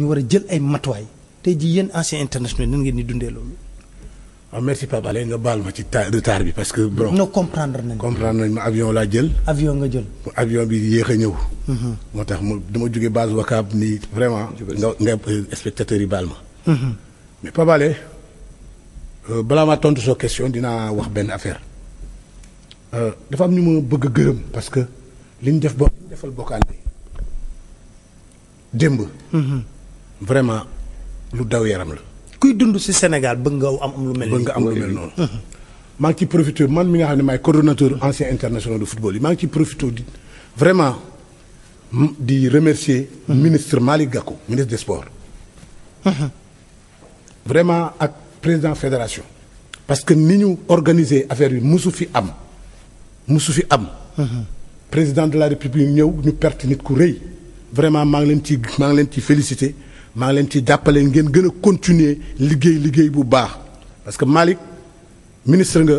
ñu war a jël ay matuwaay tey jii yéen anciens internationaux nan ngeen di dundee loolu. waaw ah, merci Pape nga baal ma ci retard bi parce que. bon non comprendre nañ comprendre nañ ma avion laa jël. avion nga jël. avion bi yéex a ñëw. Mhm. moo tax ma dama jóge base Wakaab nii vraiment. nga nga spectateurs yi baal ma. Mhm. mais Pape Alé euh, balaa maa tontu soo question dinaa wax benn affaire euh, dafa am ñu ma bëgg a gërëm parce que li ñu def bo defal bokkaan bi démb. Mhm. vraiment lu daw yaram la. kuy dund ci Sénégal bëgg nga am am lu mel. nga am lu mel noonu. maa ngi ciy profité man mi nga xam ne maay coordonnateur ancien international de football yi maa ngi ciy profité di vraiment di remercier. ministre Malick Gakou ministre des sports. vraiment ak président fédération. parce que ni ñu organiser affaire yi musu fi am musu fi am. président de la république ñëw ñu perte nit ku rëy. vraiment maa ngi leen ci maa ngi leen ciy félicité. maa ngi leen ci jàppale ngeen gën a continuer liggéey liggéey bu baax parce que Malick ministre nga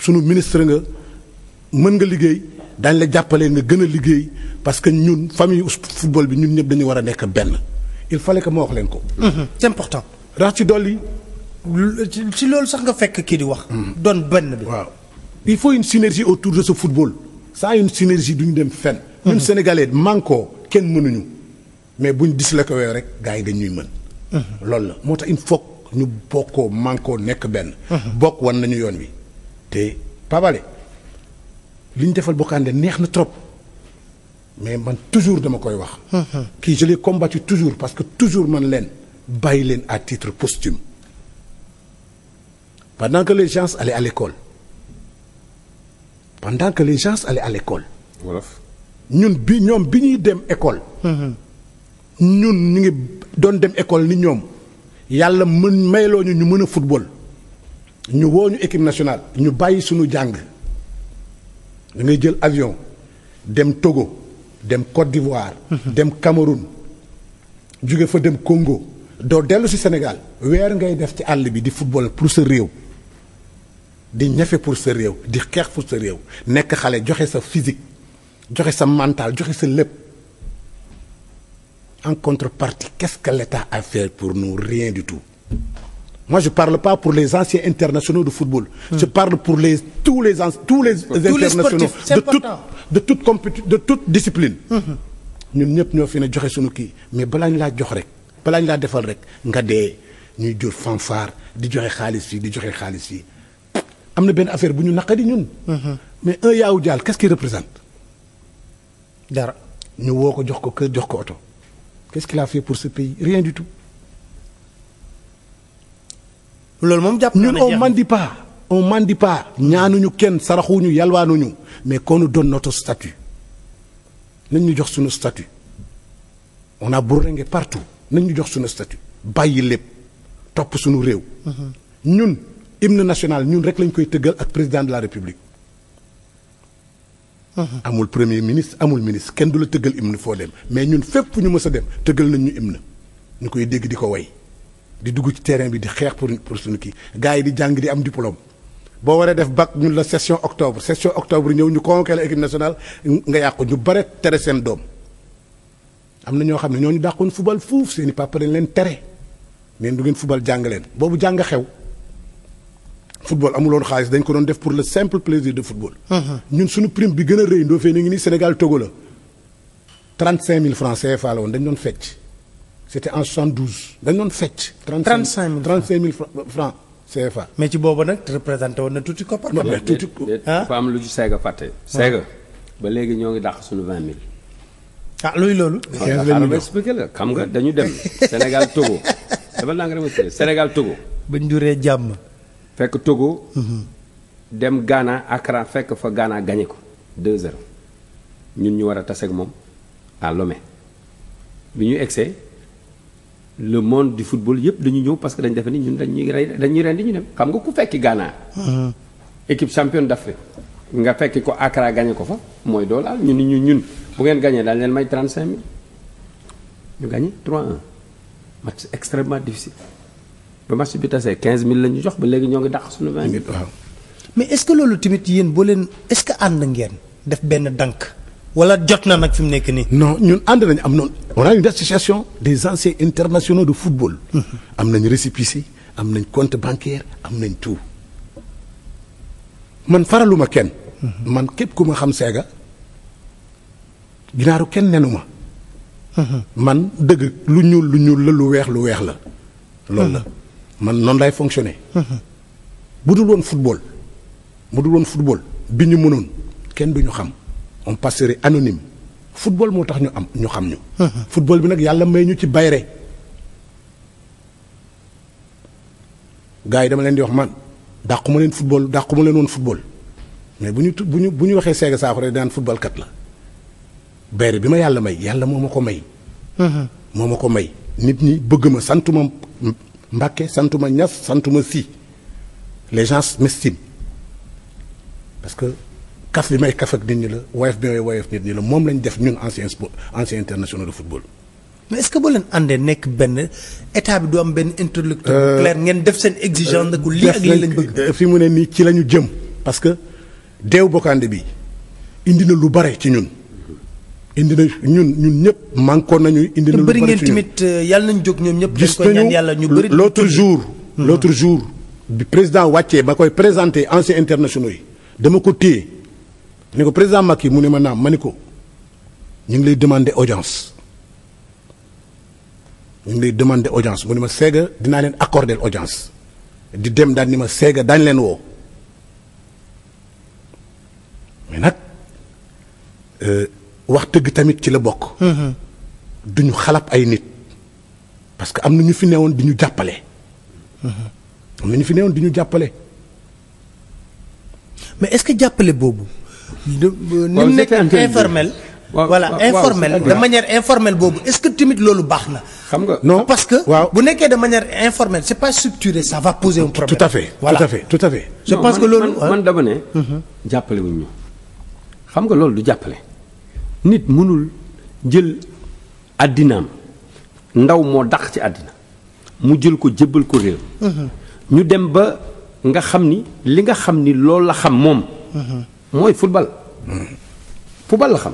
sunu ministre nga mën nga liggéey daañ la jàppale nga gën a liggéey parce que ñun famille football bi ñun ñëpp dañu war a nekk benn il fallait que moo wax leen ko. Mhm, c'est important. rax ci dolli. ci loolu sax nga fekk kii di wax. Mhm. doon benn bi waaw. il faut une synergie autour de ce football sans une synergie duñu dem fen mhm. ñun sénégalais manko kenn mënuñu. mais bu buñ dislokowee rek gars yi ñuy mën. Mhm. loolu la moo tax il faut ñu bokkoo mànkoo nekk benn. Mhm. bokk wan nañu yoon wi te pabale li ñu defal Bokande neex na trop mais man toujours dama koy wax. Mhm. kii je l'ai toujours parce que toujours man leen bàyyi leen à titre posthume pendant que les gens allaient à l'école pendant que les gens allaient à wolof ñun bi ñoom bi ñuy dem école. ñun ñu ngi doon dem école ni ñoom yàlla mën mayloo ñu ñu mën a football ñu woo ñu équipe nationale ñu bàyyi suñu jàng da ngay jël avion dem Togo dem Côte d'Ivoire. Mhm. dem Cameroun jóge fa dem Congo doo dellu si Sénégal weer ngay def ci àll bi di football pour sa réew di ñafe pour sa réew di xeex pour sa réew nekk xale joxe sa physique joxe sa mental joxe sa lépp. en contrepartie, qu'est-ce que l'État a fait pour nu Rien du tout. Moi, je ne parle pas pour les anciens internationaux de football. Mmh. Je parle pour les, tous les, tous les tous internationaux les sportifs, de, toute, de, toute compéti de toute discipline. Hmm. ñun ñëpp ñoo fi ne joxe suñu kii mais balaa ñu laa jox rek balaa ñu laa defal rek nga dee ñuy jur fanfare di joxe xaalis fii di joxe xaalis fii am na benn affaire bu ñu naqari ñun. Hmm. mais un yaawu jaal qu'est-ce qu'il représente. dara ko jox ko kër jox ko oto. qu'est-ce qu'il fait pour ce pays rien du loolu moom jàpp ñun on on mendie ñaanuñu kenn saraxuñu yalwaanuñu mais qu'on nous donne notre nañ ñu jox suñu statut on a bourlingué partout nañ ñu jox sunu statut bàyyi lépp topp sunu réew. Mhm. ñun hymne national ñun rek lañ koy tëggal ak président de la république. amul premier ministre amul ministre kenn du la tëggal na foo dem mais ñun fépp fu ñu mës a dem tëggal nañ ñu na ñu koy dégg di ko woy di dugg ci terrain bi di xeex pour pour suñu kii gars yi di jàng di am diplôme. boo waree def bac ñun la session octobre session octobre ñëw ñu convoqué la équipe nationale nga yàqu ñu bare tere seen doom am na ñoo xam ne ñoo ñu dàqoon fubal fuuf seen i papa dañ leen tere neen du ngeen fubal jàng leen boobu jàng xew. football amuloon xaalis dañ ko doon def pour le simple plaisir de football. ñun suñu prime bi gën a rëy Ndofène ngi ni Sénégal Togo la 35000 francs CFA la woon dañ doon fecc c' était en 72 dañ doon fecc. 35000 mais ci boobu nag représenté woon na tuuti koppar. mais tuuti dafa am lu ci Sega fàtte. Sega ba léegi ñoo ngi dàq suñu 20000. ah luy loolu. 15000 expliqué la xam nga dañu dem Sénégal Togo dafa naa nga remercié Sénégal Togo. bañ juree jàmm. fekk Togo. Mhm. dem Ghana Accra fekk fa Ghana gañe ko 2-0 ñun ñu war a taseeg moom à Lomé bi ñu egsee le monde du football yëpp dañu ñëw parce que dañ defe ni ñun dañuy rey dañuy rendi ñu dem xam nga ku fekki Ghana. Mhm. équipe championne d'Afrique nga fekki ko Accra gañe ko fa mooy doolaal ñun ñu ñun bu ngeen gañee daal leen may 35 000 ñu gagné 3-1 match extrêmement difficile. ba marché bi tasee 15000 la ñu jox ba léegi ñoo ngi dàq suñu 20000 waaw. mais est-ce que loolu tamit yéen boo leen est-ce que ànd ngeen def benn dànk wala jot na nag fi mu nekk nii. non ñun ànd nañu am noonu. on a une des anciens internationaux de football. Mm-hmm. am nañ récépissé am nañ compte bancaire am nañ tout man faraluma kenn. Mm-hmm. man képp ku ma xam seega ginaaru kenn nenu ma. Mm-hmm. man dëgg lu ñuul lu ñuul la lu weex lu weex la. loolu la. man noonu laay fonctionner. bu dul woon football bu dul woon football bi ñu mënoon kenn du ñu xam on passerait anonyme football moo tax ñu am ñu xam ñu. football bi nag yàlla may ñu ci bayre gaa yi dama leen di wax man ma leen football dàquma leen woon football mais bu ñu tu bu ñu bu ñu waxee Sega Sakho rek daan football kat la bayre bi ma yàlla may yàlla moo ma ko may. moo ma ko may nit ñi bëgg ma sant ma Mbacké santuma Niass santuma si les gens m'estiment parce que kaf bi may kaf ak nit ñi la woyof bi may woyof nit ñi la moom lañ def ñun ancien sport ancien international de football. mais est que boo leen àndee nekk benn état bi du am benn interlocuteur euh, clair ngeen def seen exigence nag lii ak lii lañ bëgg fi mu ne nii ci lañu jëm parce que deew bokkaande bi indi na lu bare ci ñun. indi na ñun ñun ñëpp manqué nañu indi na lu bëri ngeen tamit euh, yàlla nañ jóg ñoom ñëpp. gis nañu l'autre jour. Hmm. l'autre jour bi président wàccee ba koy présenté anciens internationaux yi dama ko téye ne ko président yi mu ne ma naam ma ni ko ñu ngi lay demande audience ñu ngi lay demander audience mu ni ma seega dinaa leen accorder audience di dem daal ni ma seega daañu leen woo mais euh, wax dëgg tamit ci la bokk. Mm-hmm. ñu xalab ay nit parce que am na ñu fi newoon du ñu jàppale. Mm-hmm. am na ñu fi newoon di ñu jàppale. mais est-ce que jàppale boobu. Euh, ni mu nekk informel. voilà informel de manière informelle boobu est-ce que tamit loolu baax na. xam nga non parce que. waaw bu nekkee de manière informelle c'est pas structuré ça va poser un problème. tout à fait voilà tout à fait tout à que loolu man dama ne. Mm-hmm. jàppale wuñ ñu xam nga loolu du jàppale. nit mënul jël àddinaam ndaw moo daq ci àddina mu jël ko jébbal ko réew mm-hmm. ñu dem ba nga xam ni li nga xam ni loolu la xam moom mm-hmm. mooy football football la xam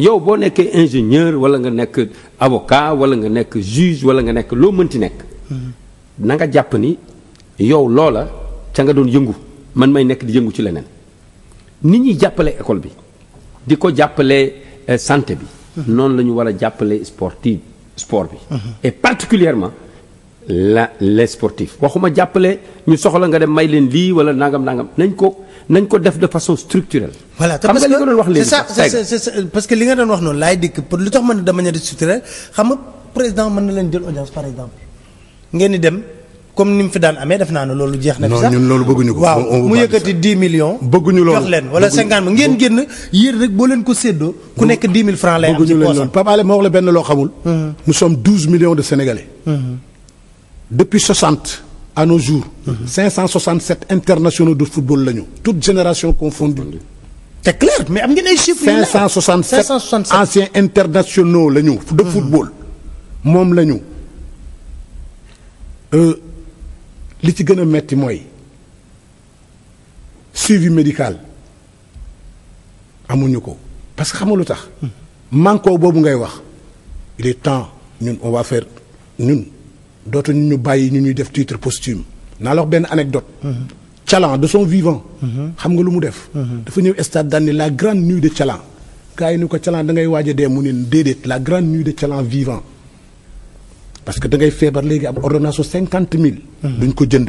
yow boo nekkee ingénieur wala nga nekk avocat wala nga nekk juge wala nga nekk loo mënti nekk mm-hmm. na nga jàpp ni yow loola ca nga doon yëngu man may nekk di yëngu ci leneen nit ñi jàppale école bi di ko jàppale euh, santé bi. noonu la ñu war a jàppale sportif sport bi. et particulièrement la les sportifs waxuma jàppale ñu soxla nga dem may leen lii wala nangam nangam nañ ko nañ ko def de façon structurelle. voilà te xam nga li nga doon wax léegi parce que li nga doon wax noonu laay dikk pour lu tax mën na de manière structurelle xam nga président mën na leen jël audience par exemple ngeen di dem. comme ni mu fi daan amee def naa ne loolu jeex na. fi sax ñun loolu bëgguñu ko. waaw mu yëkkati 10 millions. bëgguñu loolu jox leen wala 50 ma ngeen génn yéen rek boo leen ko séddoo. ku nekk 10 000 francs lay am ci poosam Pape Alé ma wax la benn loo xamul. Mhm. nous sommes 12 millions de Sénégalais. Mhm. depuis 60 à nos jours. 567 mhm. internationaux de football lañu. toute génération confondue. c'est clair mais am ngeen ay chiffres. 567 567 anciens internationaux lañu. de football moom lañu. Euh, li ci gën a metti mooy suivi médical amuñu ko parce que xam nga lu tax manko boobu ngay wax il est temps ñun on va faire ñun dootuñu ñu bàyyi ñu ñuy def titre posthume naa la wax benn anecdote Calan de son vivant xam nga lu mu def dafa ñëw stade daan ni la grande nuit de Calan gars yi ni ko Calan da ngay a dee mu ne déedéet la grande nuit de Calan vivant parce que da ngay feebar léegi am ordonnance su cinquante mille. Mhm. duñ ko jënd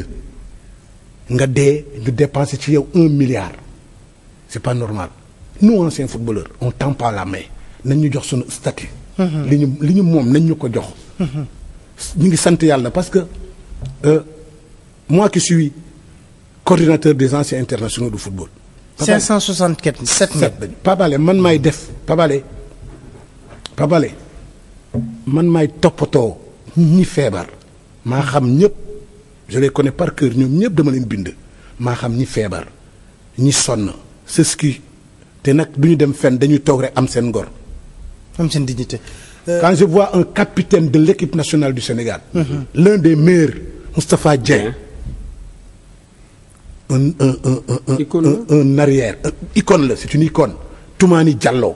nga dee ñu dépenser ci yow un milliard c'est pas normal nous anciens footballeurs on tend la mai nañ ñu jox sunu statut. Mhm. li ñu li ñu moom nañ ñu ko jox. Mhm. ñu ngi sant yàlla parce que euh, moi qui suis coordinateur des anciens internationaux de football. Pabale 564 7 7 Pabale man maay def Pabale Pabale man may toppatoo. ñi feebar maa xam ñëpp je les connais par cœur ñoom ñëpp dama leen bind maa xam ñi feebar ñi sonn c'est ce qui te nag du ñu dem fen dañuy toog rek am seen ngor. am seen dignité. Euh, quand je vois un capitaine de l'équipe nationale du Sénégal. Mm -hmm. l'un des meilleurs Moustapha Dieng. un un un un icône un, un la c'est une icône Toumani Diallo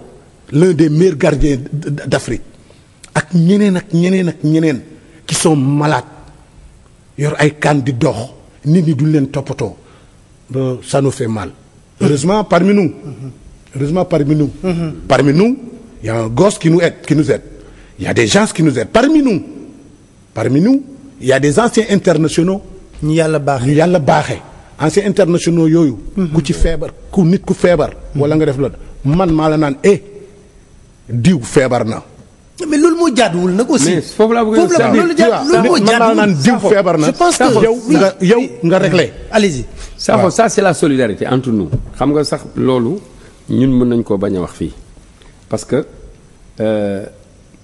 l'un des meilleurs gardiens d'Afrique ak ñeneen ak ñeneen ak ñeneen qui sont malaat yor ay kaan di dox nit ñi duñ leen toppatoo ba ça nous mal. heureusement parmi nous. heureusement parmi nous. parmi nous y a un gosse qui des gens qui nous aident parmi nous. parmi des anciens internationaux. yàlla baaxee ñu yàlla baaxee. anciens internationaux yooyu. ku ci feebar ku nit ku feebar. wala nga def loolu man maa la naan eh, diw feebar na. mais loolu moo jaaduwul nag aussi. mais foofu laa bëgg a que yow nga yow nga réglé. allez-y Sakho la solidarité entre xam nga sax loolu ñun mën nañ koo bañ a wax fii parce que euh,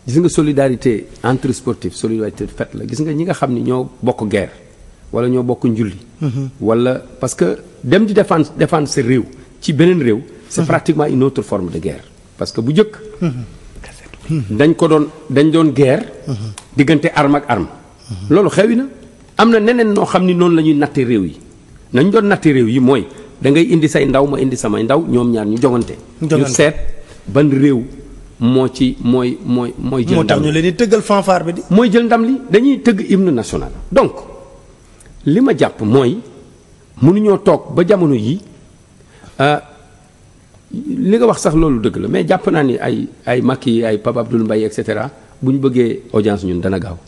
gis nga solidarité entre sportif solidarité fête la gis nga ñi nga xam ni ñoo bokk guerre wala ñoo bokk njulli. Mhm. wala parce que dem di défendre défendre sa réew ci beneen réew. sa mhm. pratiquement une autre forme de guerre parce bu njëkk. Mhm. dañ ko doon dañ doon guerre. diggante arme ak arme. loolu xewi na am na neneen noo xam ni noonu la ñuy natte réew yi nañ doon natte réew yi mooy da ngay indi say ndaw ma indi samay ndaw ñoom ñaar ñu jongante. ñu seet ban réew moo ci mooy mooy. mooy jël ndam li moo tax mooy jël ndam li dañuy tëgg hymne national donc li ma jàpp mooy mënuñoo toog ba jamono yi. Euh, li nga wax sax loolu dëgg la mais jàpp naa ni ay ay Macky ay Pape Abdoul Mbaye et cetera bu ñu bëggee audience ñun dana gaaw.